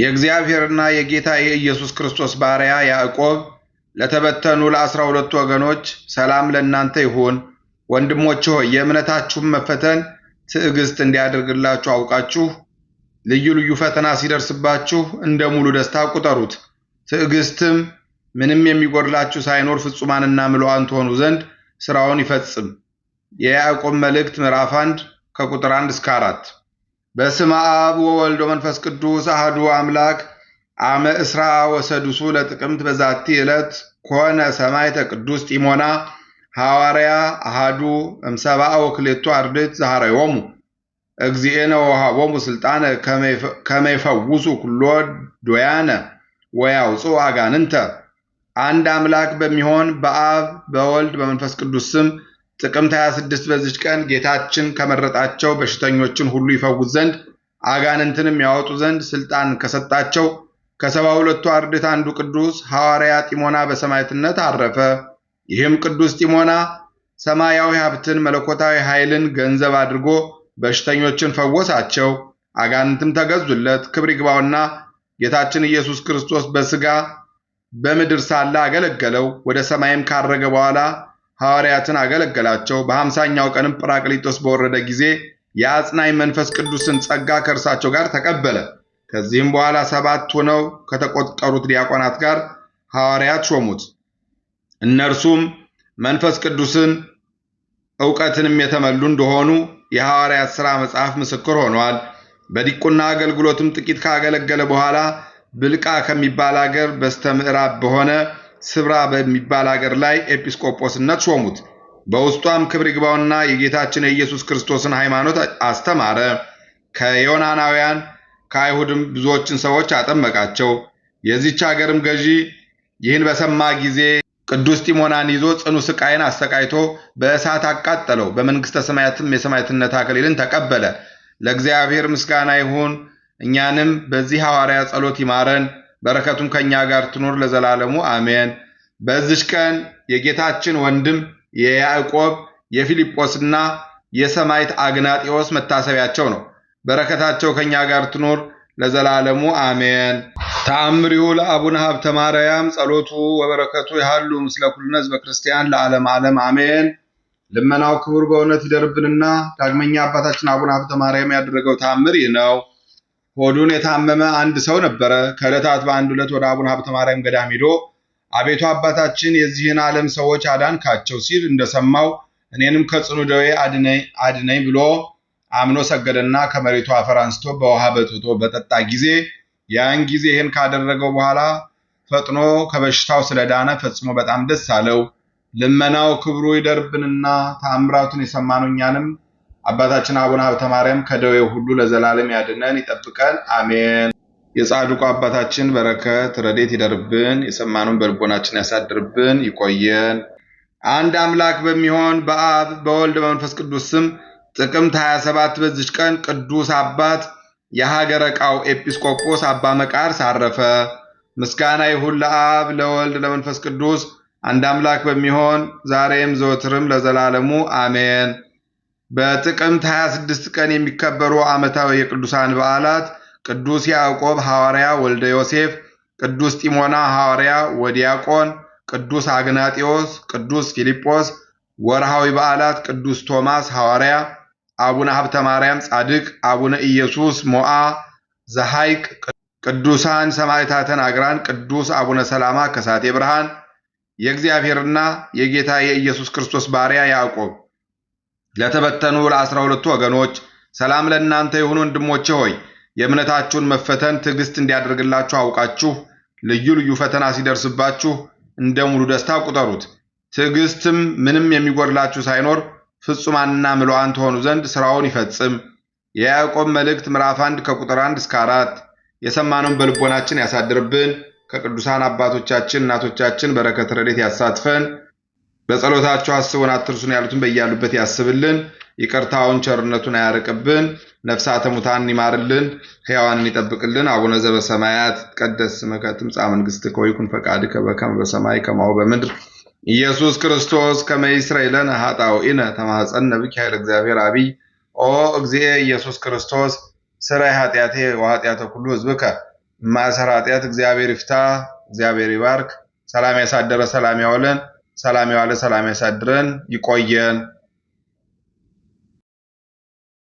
የእግዚአብሔርና የጌታ የኢየሱስ ክርስቶስ ባሪያ ያዕቆብ ለተበተኑ ለአስራ ሁለቱ ወገኖች ሰላም ለእናንተ ይሁን። ወንድሞች ሆይ የእምነታችሁን መፈተን ትዕግስት እንዲያደርግላችሁ አውቃችሁ ልዩ ልዩ ፈተና ሲደርስባችሁ እንደ ሙሉ ደስታ ቁጠሩት። ትዕግስትም ምንም የሚጎድላችሁ ሳይኖር ፍጹማንና ምሉዓን ትሆኑ ዘንድ ሥራውን ይፈጽም። የያዕቆብ መልእክት ምዕራፍ 1 ከቁጥር 1 እስከ 4 በስመ አብ ወወልድ ወመንፈስ ቅዱስ አህዱ አምላክ አመ እስራ ወሰዱሱ ለጥቅምት በዛቲ ዕለት ኮነ ሰማዕተ ቅዱስ ጢሞና ሐዋርያ አሃዱ እምሰብአ ወክልኤቱ አርድእት ዘኀረዮሙ እግዚእነ ወወሃቦሙ ስልጣነ ከመይፈውሱ ይፈውሱ ኩሎ ዶያነ ወያውፅኡ አጋንንተ። አንድ አምላክ በሚሆን በአብ በወልድ በመንፈስ ቅዱስ ስም ጥቅምት 26 በዚች ቀን ጌታችን ከመረጣቸው በሽተኞችን ሁሉ ይፈውስ ዘንድ አጋንንትንም ያወጡ ዘንድ ስልጣን ከሰጣቸው ከሰባ ሁለቱ አርድእት አንዱ ቅዱስ ሐዋርያ ጢሞና በሰማዕትነት አረፈ። ይህም ቅዱስ ጢሞና ሰማያዊ ሀብትን መለኮታዊ ኃይልን ገንዘብ አድርጎ በሽተኞችን ፈወሳቸው፣ አጋንንትም ተገዙለት። ክብር ይግባውና ጌታችን ኢየሱስ ክርስቶስ በሥጋ በምድር ሳለ አገለገለው። ወደ ሰማይም ካረገ በኋላ ሐዋርያትን አገለገላቸው። በሐምሳኛው ቀንም ጵራቅሊጦስ በወረደ ጊዜ የአጽናኝ መንፈስ ቅዱስን ጸጋ ከእርሳቸው ጋር ተቀበለ። ከዚህም በኋላ ሰባት ሆነው ከተቆጠሩት ዲያቆናት ጋር ሐዋርያት ሾሙት። እነርሱም መንፈስ ቅዱስን እውቀትንም የተመሉ እንደሆኑ የሐዋርያት ሥራ መጽሐፍ ምስክር ሆኗል። በዲቁና አገልግሎትም ጥቂት ካገለገለ በኋላ ብልቃ ከሚባል አገር በስተ ምዕራብ በሆነ ስብራ በሚባል አገር ላይ ኤጲስቆጶስነት ሾሙት። በውስጧም ክብር ይግባውና የጌታችን የኢየሱስ ክርስቶስን ሃይማኖት አስተማረ። ከዮናናውያን ከአይሁድም ብዙዎችን ሰዎች አጠመቃቸው። የዚች አገርም ገዢ ይህን በሰማ ጊዜ ቅዱስ ጢሞናን ይዞ ጽኑ ስቃይን አሰቃይቶ በእሳት አቃጠለው። በመንግሥተ ሰማያትም የሰማዕትነት አክሊልን ተቀበለ። ለእግዚአብሔር ምስጋና ይሁን። እኛንም በዚህ ሐዋርያ ጸሎት ይማረን። በረከቱም ከእኛ ጋር ትኖር ለዘላለሙ አሜን። በዚች ቀን የጌታችን ወንድም የያዕቆብ የፊልጶስና የሰማይት አግናጢዎስ መታሰቢያቸው ነው። በረከታቸው ከእኛ ጋር ትኖር ለዘላለሙ አሜን። ተአምሪሁ ለአቡነ ሀብተ ማርያም ጸሎቱ ወበረከቱ ያሉ ምስለ ኩልነ ህዝበ ክርስቲያን ለዓለም ዓለም አሜን። ልመናው ክቡር በእውነት ይደርብንና ዳግመኛ አባታችን አቡነ ሀብተ ማርያም ያደረገው ተአምር ይህ ነው። ሆዱን የታመመ አንድ ሰው ነበረ። ከዕለታት በአንድ ዕለት ወደ አቡነ ሀብተ ማርያም ገዳም ሄዶ አቤቱ አባታችን የዚህን ዓለም ሰዎች አዳንካቸው ሲል እንደሰማው እኔንም ከጽኑ ደዌ አድነኝ ብሎ አምኖ ሰገደና ከመሬቱ አፈር አንስቶ በውሃ በጥቶ በጠጣ ጊዜ ያን ጊዜ ይህን ካደረገው በኋላ ፈጥኖ ከበሽታው ስለዳነ ፈጽሞ በጣም ደስ አለው። ልመናው ክብሩ ይደርብንና ተአምራቱን የሰማነው እኛንም አባታችን አቡነ ሀብተ ማርያም ከደዌው ሁሉ ለዘላለም ያድነን ይጠብቀን፣ አሜን። የጻድቁ አባታችን በረከት ረዴት ይደርብን፣ የሰማኑን በልቦናችን ያሳድርብን፣ ይቆየን። አንድ አምላክ በሚሆን በአብ በወልድ በመንፈስ ቅዱስ ስም ጥቅምት 27 በዚች ቀን ቅዱስ አባት የሀገረ ቃው ኤጲስቆጶስ አባ መቃርስ አረፈ። ምስጋና ይሁን ለአብ ለወልድ ለመንፈስ ቅዱስ አንድ አምላክ በሚሆን ዛሬም ዘወትርም ለዘላለሙ አሜን። በጥቅምት 26 ቀን የሚከበሩ ዓመታዊ የቅዱሳን በዓላት ቅዱስ ያዕቆብ ሐዋርያ ወልደ ዮሴፍ፣ ቅዱስ ጢሞና ሐዋርያ ወዲያቆን፣ ቅዱስ አግናጢዎስ፣ ቅዱስ ፊልጶስ። ወርሃዊ በዓላት ቅዱስ ቶማስ ሐዋርያ፣ አቡነ ሀብተ ማርያም ጻድቅ፣ አቡነ ኢየሱስ ሞዓ ዘሐይቅ፣ ቅዱሳን ሰማዕታተ አግራን ቅዱስ አቡነ ሰላማ ከሳቴ ብርሃን። የእግዚአብሔርና የጌታ የኢየሱስ ክርስቶስ ባሪያ ያዕቆብ ለተበተኑ ለአስራ ሁለቱ ወገኖች ሰላም ለእናንተ ይሁን። ወንድሞቼ ሆይ የእምነታችሁን መፈተን ትዕግስት እንዲያደርግላችሁ አውቃችሁ ልዩ ልዩ ፈተና ሲደርስባችሁ እንደ ሙሉ ደስታ ቁጠሩት። ትዕግስትም ምንም የሚጎድላችሁ ሳይኖር ፍጹማንና ምሉዓን ትሆኑ ዘንድ ሥራውን ይፈጽም። የያዕቆብ መልእክት ምዕራፍ 1 ከቁጥር 1 እስከ 4። የሰማነውን በልቦናችን ያሳድርብን። ከቅዱሳን አባቶቻችን እናቶቻችን በረከት ረድኤት ያሳትፈን። በጸሎታቸው አስቡን አትርሱን ያሉትን በያሉበት ያስብልን። ይቅርታውን ቸርነቱን አያርቅብን። ነፍሳተ ሙታን ይማርልን፣ ሕያዋንን ይጠብቅልን። አቡነ ዘበሰማያት ይትቀደስ ስምከ ትምጻእ መንግሥትከ ወይኩን ፈቃድከ በከመ በሰማይ ከማሁ በምድር ኢየሱስ ክርስቶስ ከመ ይስረይ ለነ ኃጣውኢነ ተማኅፀነ ብከ ኃይለ እግዚአብሔር አብይ ኦ እግዚእ ኢየሱስ ክርስቶስ ስራይ ኃጢአቴ ወኃጢአተ ኩሉ ሕዝብከ ማሰር ኃጢአት እግዚአብሔር ይፍታ፣ እግዚአብሔር ይባርክ። ሰላም ያሳደረ ሰላም ያውለን። ሰላም የዋለ ሰላም ያሳድረን፣ ይቆየን።